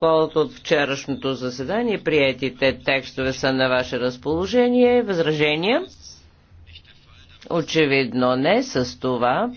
Полът от вчерашното заседание, приятите текстове са на ваше разположение. Възражения? Очевидно не. С това